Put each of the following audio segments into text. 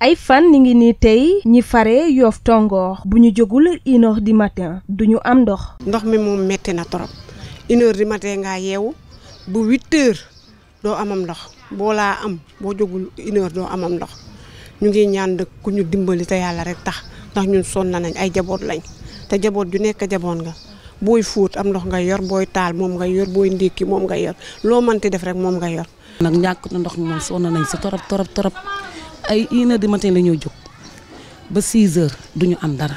ay fan ni ngi nii tey ñi fare Yoff Tongoor bu ñu jógul une heure du matin du am ndox. ndox mi moom metti na trop une heure du matin ngaa yeewu bu huit heures doo amam ndox boo laa am boo jógul une doo amam ndox ñu ngi ñaan dëkk ku ñu dimbali te yàlla rek tax ndax ñun sonn nañ ay jaboot lañ te jaboot ju nekk jaboot nga. booy fóot am ndox nga yor booy taal moom nga yor booy ndékki moom nga yor loo mënti def rek moom nga yor. nag ñàkk na ndox mi moom sonn nañ si torop torop torop ay une heure du matin la ñoo jóg ba 6 du ñu am dara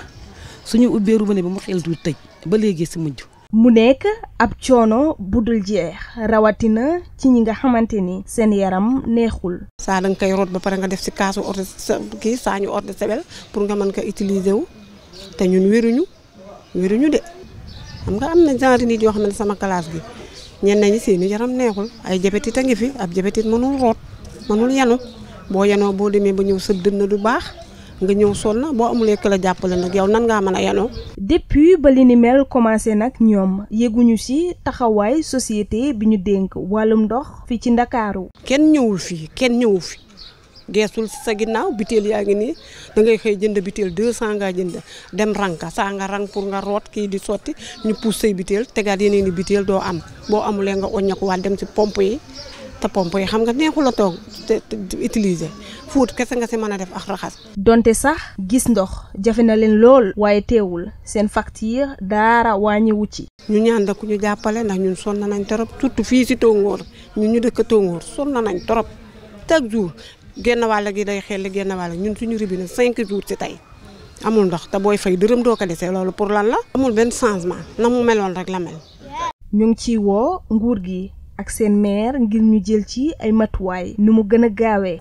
suñu ubbee robinet bi mu xel du tëj ba léegi si mujj. mu nekk ab coono dul jeex rawatina ci ñi nga xamante ni seen yaram neexul. saa da nga koy root ba pare nga def si kaasu eau de sa kii saa ñu eau de pour nga mën ko utiliser wu te ñun wéruñu xam nga am na genre nit yoo xam ne sama classe bi ñen nañu seeni yaram neexul ay jabetit a ngi fi ab jabetit mënul root mënul yanu boo yanoo boo demee ba ñëw sa dënn du baax nga ñëw sol na boo amulee la jàppale nag yow nan ngaa mën a yanoo. depuis ba ni mel commencé nag ñoom yëguñu ci taxawaay société bi ñu dénk wàllum ndox fii ci ndakaaru kenn ñëwul fii kenn ñëwu fii geesul si sa ginnaaw biteel yaa ngi nii da xëy jënd biteel 200 ngaa jënd dem ranka saa nga rang pour nga root kii di sotti ñu pousse say biteel tegaat yeneen i biteel doo am boo amulee nga oññaku waat dem si pompe yi te pompe yi xam nga neexul a toog te utiliser fuut kese nga si mën a def ak raxas. donte sax gis ndox jafe na leen lool waaye teewul seen facture daara wàññiwu ci. ñu ñaan ku ñu jàppale ndax ñun sonn nañ trop surtout fii si Tongoor ñun ñu dëkk Tongoor sonn nañ trop chaque jour génn wàll gi day xel génn wàll ñun suñu robinet cinq jours ci tey amul ndox te booy fay dërëm doo ko desee loolu pour lan la. amul benn changement na mu meloon rek la mel. ñu ngi ciy woo nguur gi ak seen maire ngir ñu jël ci ay matuwaay. nu mu gën a gaawee.